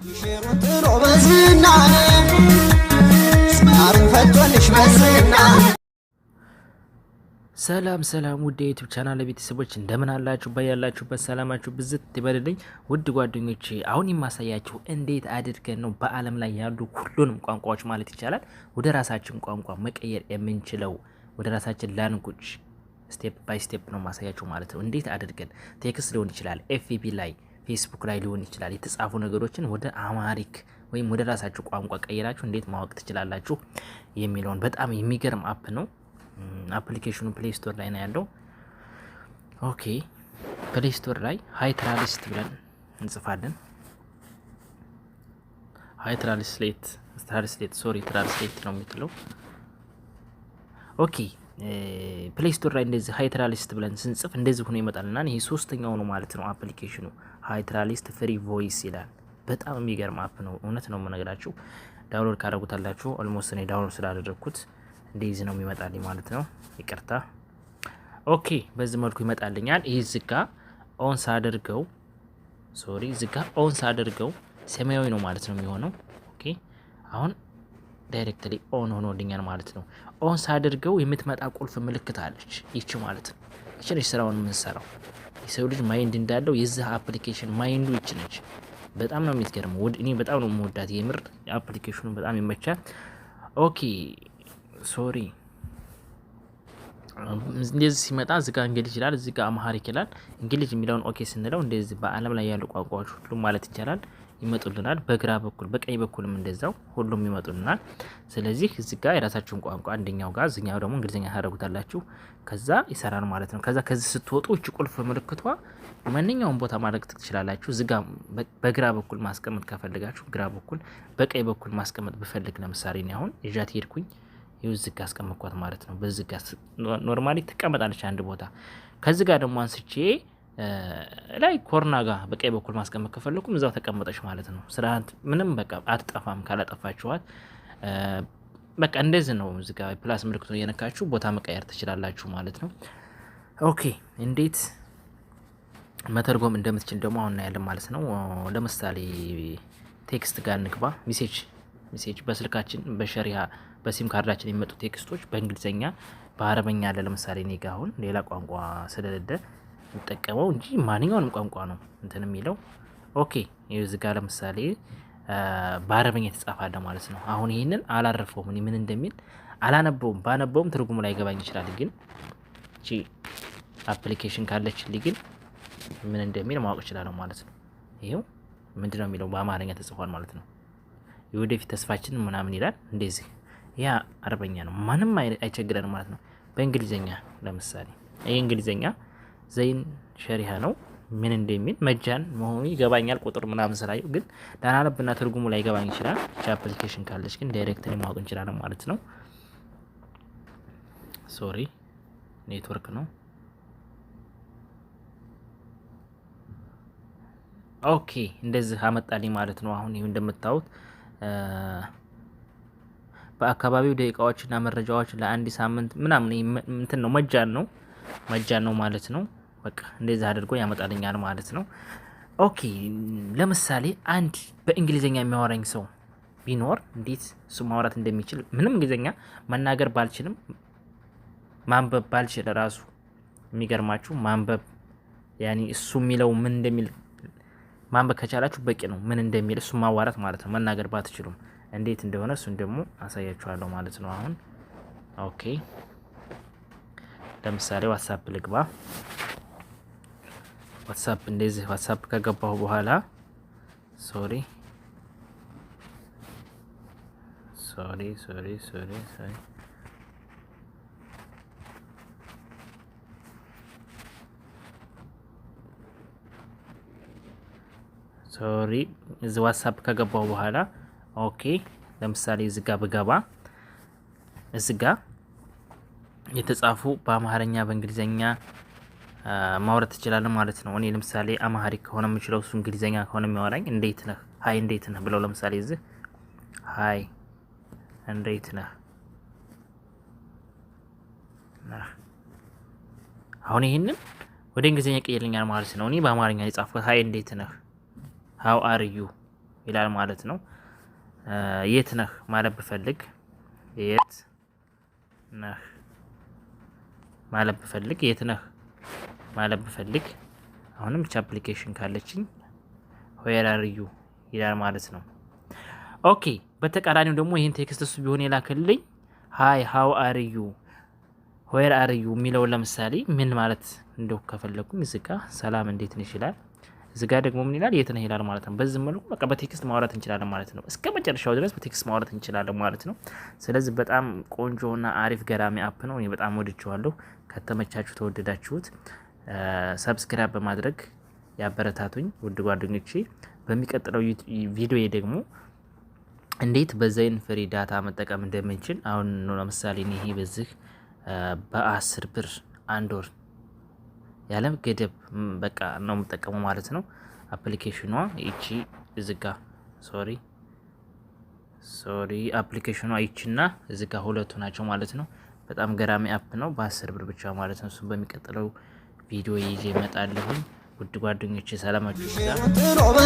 ሰላም ሰላም ውድ የዩቲዩብ ቻናል ቤተሰቦች እንደምን አላችሁ? በያላችሁበት ሰላማችሁ ብዝት ይበልልኝ። ውድ ጓደኞች አሁን የማሳያችሁ እንዴት አድርገን ነው በዓለም ላይ ያሉ ሁሉንም ቋንቋዎች ማለት ይቻላል ወደ ራሳችን ቋንቋ መቀየር የምንችለው ወደ ራሳችን ላንጉጅ ስቴፕ ባይ ስቴፕ ነው ማሳያችሁ ማለት ነው። እንዴት አድርገን ቴክስት ሊሆን ይችላል ኤፍቢ ላይ ፌስቡክ ላይ ሊሆን ይችላል። የተጻፉ ነገሮችን ወደ አማሪክ ወይም ወደ ራሳችሁ ቋንቋ ቀይራችሁ እንዴት ማወቅ ትችላላችሁ የሚለውን በጣም የሚገርም አፕ ነው። አፕሊኬሽኑ ፕሌይ ስቶር ላይ ነው ያለው። ኦኬ ፕሌይ ስቶር ላይ ሀይ ትራሊስት ብለን እንጽፋለን። ሀይ ትራንስሌት ትራንስሌት ሶሪ ትራንስሌት ነው የምትለው ኦኬ ፕሌይ ስቶር ላይ እንደዚህ ሃይትራሊስት ብለን ስንጽፍ እንደዚህ ሆኖ ይመጣልና ይሄ ሶስተኛው ነው ማለት ነው አፕሊኬሽኑ። ሃይትራሊስት ፍሪ ቮይስ ይላል። በጣም የሚገርም አፕ ነው። እውነት ነው የምነግራችሁ። ዳውንሎድ ካደረጉታላችሁ ኦልሞስት እኔ ዳውንሎድ ስላደረግኩት እንደዚህ ነው የሚመጣልኝ ማለት ነው። ይቅርታ። ኦኬ፣ በዚህ መልኩ ይመጣልኛል። ይህ ዝጋ ኦን ሳደርገው፣ ሶሪ ዝጋ ኦን ሳደርገው ሰማያዊ ነው ማለት ነው የሚሆነው። ኦኬ አሁን ዳይሬክትሊ ኦን ሆኖልኛል ማለት ነው። ኦን ሳድርገው የምትመጣ ቁልፍ ምልክት አለች ይቺ ማለት ነው። ይቺ ነች ስራውን የምንሰራው። የሰው ልጅ ማይንድ እንዳለው የዚህ አፕሊኬሽን ማይንዱ ይቺ ነች። በጣም ነው የሚትገርመው። እኔ በጣም ነው የምወዳት የምር አፕሊኬሽኑ በጣም ይመቻል። ኦኬ ሶሪ እንደዚህ ሲመጣ እዚጋ እንግሊዝ ይላል፣ እዚጋ አማሃሪክ ይላል። እንግሊዝ የሚለውን ኦኬ ስንለው እንደዚህ በዓለም ላይ ያሉ ቋንቋዎች ሁሉም ማለት ይቻላል ይመጡልናል። በግራ በኩል በቀኝ በኩልም እንደዛው ሁሉም ይመጡልናል። ስለዚህ እዚህ ጋር የራሳችሁን ቋንቋ አንደኛው ጋር እዚኛው ደግሞ እንግሊዝኛ ታደርጉታላችሁ። ከዛ ይሰራል ማለት ነው። ከዛ ከዚህ ስትወጡ እች ቁልፍ ምልክቷ ማንኛውም ቦታ ማድረግ ትችላላችሁ። እዚጋ በግራ በኩል ማስቀመጥ ከፈልጋችሁ ግራ በኩል፣ በቀኝ በኩል ማስቀመጥ ብፈልግ ለምሳሌ እኔ አሁን ይዣት ሄድኩኝ ይህ እዚህ ጋ አስቀመጥኳት ማለት ነው። በዚህ ጋ ኖርማሊ ትቀመጣለች አንድ ቦታ ከዚህ ጋር ደግሞ አንስቼ ላይ ኮርና ጋር በቀኝ በኩል ማስቀመጥ ከፈለኩም እዛው ተቀመጠች ማለት ነው። ስርዓት ምንም በቃ አትጠፋም። ካላጠፋችኋት በቃ እንደዚህ ነው። እዚ ጋ ፕላስ ምልክቱን እየነካችሁ ቦታ መቀየር ትችላላችሁ ማለት ነው። ኦኬ እንዴት መተርጎም እንደምትችል ደግሞ አሁን እናያለን ማለት ነው። ለምሳሌ ቴክስት ጋር ንግባ። ሚሴጅ ሚሴጅ በስልካችን በሸሪሃ በሲም ካርዳችን የሚመጡ ቴክስቶች በእንግሊዝኛ በአረበኛ አለ። ለምሳሌ እኔ ጋ አሁን ሌላ ቋንቋ ስለሌለ የምጠቀመው እንጂ ማንኛውንም ቋንቋ ነው እንትን የሚለው ኦኬ እዚህ ጋር ለምሳሌ በአረበኛ የተጻፋለ ማለት ነው። አሁን ይህንን አላረፈውም እኔ ምን እንደሚል አላነበውም። ባነበውም ትርጉሙ ላይ ገባኝ ይችላል። ግን እቺ አፕሊኬሽን ካለችልኝ ግን ምን እንደሚል ማወቅ እችላለሁ ማለት ነው። ይሄው ምንድን ነው የሚለው በአማርኛ ተጽፏል ማለት ነው። የወደፊት ተስፋችን ምናምን ይላል እንደዚህ። ያ አረበኛ ነው። ማንም አይቸግረን ማለት ነው። በእንግሊዝኛ ለምሳሌ ይህ እንግሊዝኛ ዘይን ሸሪሀ ነው ምን እንደሚል መጃን መሆኑ ይገባኛል። ቁጥር ምናምን ስላየው ግን ዳናነብና ትርጉሙ ላይ ይገባኝ ይችላል። ቻ አፕሊኬሽን ካለች ግን ዳይሬክትሊ ማወቅ እንችላለን ማለት ነው። ሶሪ ኔትወርክ ነው። ኦኬ እንደዚህ አመጣልኝ ማለት ነው። አሁን ይህ እንደምታዩት በአካባቢው ደቂቃዎችና መረጃዎች ለአንድ ሳምንት ምናምን እንትን ነው መጃን ነው መጃን ነው ማለት ነው። በቃ እንደዚህ አድርጎ ያመጣልኛል ማለት ነው። ኦኬ ለምሳሌ አንድ በእንግሊዝኛ የሚያወራኝ ሰው ቢኖር እንዴት እሱ ማውራት እንደሚችል ምንም እንግሊዝኛ መናገር ባልችልም ማንበብ ባልችል ራሱ የሚገርማችሁ ማንበብ ያኔ እሱ የሚለው ምን እንደሚል ማንበብ ከቻላችሁ በቂ ነው። ምን እንደሚል እሱ ማዋራት ማለት ነው። መናገር ባትችሉም እንዴት እንደሆነ እሱን ደግሞ አሳያችኋለሁ ማለት ነው። አሁን ኦኬ፣ ለምሳሌ ዋትሳፕ ልግባ። ዋትሳፕ እንደዚህ ዋትሳፕ ከገባሁ በኋላ ሶሪ ሶሪ ሶሪ ሶሪ ሶሪ ሶሪ እዚህ ዋትሳፕ ከገባሁ በኋላ ኦኬ፣ ለምሳሌ እዚህ ጋ ብገባ እዚህ ጋ የተጻፉ በአማርኛ በእንግሊዝኛ ማውረት ትችላለህ ማለት ነው። እኔ ለምሳሌ አማሪክ ከሆነ የምችለው እሱ እንግሊዝኛ ከሆነ የሚያወራኝ እንዴት ነህ፣ ሀይ እንዴት ነህ ብለው ለምሳሌ እዚህ ሀይ እንዴት ነህ። አሁን ይህንን ወደ እንግሊዝኛ ይቀይርልኛል ማለት ነው። እኔ በአማርኛ የጻፍኩት ሀይ እንዴት ነህ ሀው አር ዩ ይላል ማለት ነው። የት ነህ ማለት ብፈልግ የት ነህ ማለት ብፈልግ የት ነህ ማለት ብፈልግ አሁንም ቻ አፕሊኬሽን ካለችኝ ዌር አር ዩ ይላል ማለት ነው። ኦኬ በተቃራኒው ደግሞ ይህን ቴክስት እሱ ቢሆን የላክልኝ ሀይ ሀው አር ዩ ዌር አር ዩ የሚለውን ለምሳሌ ምን ማለት እንደው ከፈለጉኝ እዚጋ ሰላም እንዴት ነው ይችላል። እዚጋ ደግሞ ምን ይላል የት ነህ ይላል ማለት ነው። በዚህ መልኩ በቃ በቴክስት ማውራት እንችላለን ማለት ነው። እስከ መጨረሻው ድረስ በቴክስት ማውራት እንችላለን ማለት ነው። ስለዚህ በጣም ቆንጆና አሪፍ ገራሚ አፕ ነው። እኔ በጣም ወድችዋለሁ። ከተመቻችሁ ተወደዳችሁት ሰብስክራይብ በማድረግ ያበረታቱኝ ውድ ጓደኞቼ። በሚቀጥለው ቪዲዮ ደግሞ እንዴት በዘይን ፍሪ ዳታ መጠቀም እንደምንችል አሁን ለምሳሌ ይሄ በዚህ በአስር ብር አንድ ወር ያለም ገደብ በቃ ነው የምጠቀመው ማለት ነው። አፕሊኬሽኗ ይቺ እዝጋ ሶሪ ሶሪ አፕሊኬሽኗ ይቺና እዝጋ ሁለቱ ናቸው ማለት ነው። በጣም ገራሚ አፕ ነው። በአስር ብር ብቻ ማለት ነው። እሱም በሚቀጥለው ቪዲዮ ይዤ እመጣለሁኝ። ውድ ጓደኞች ሰላማችሁ ይዛ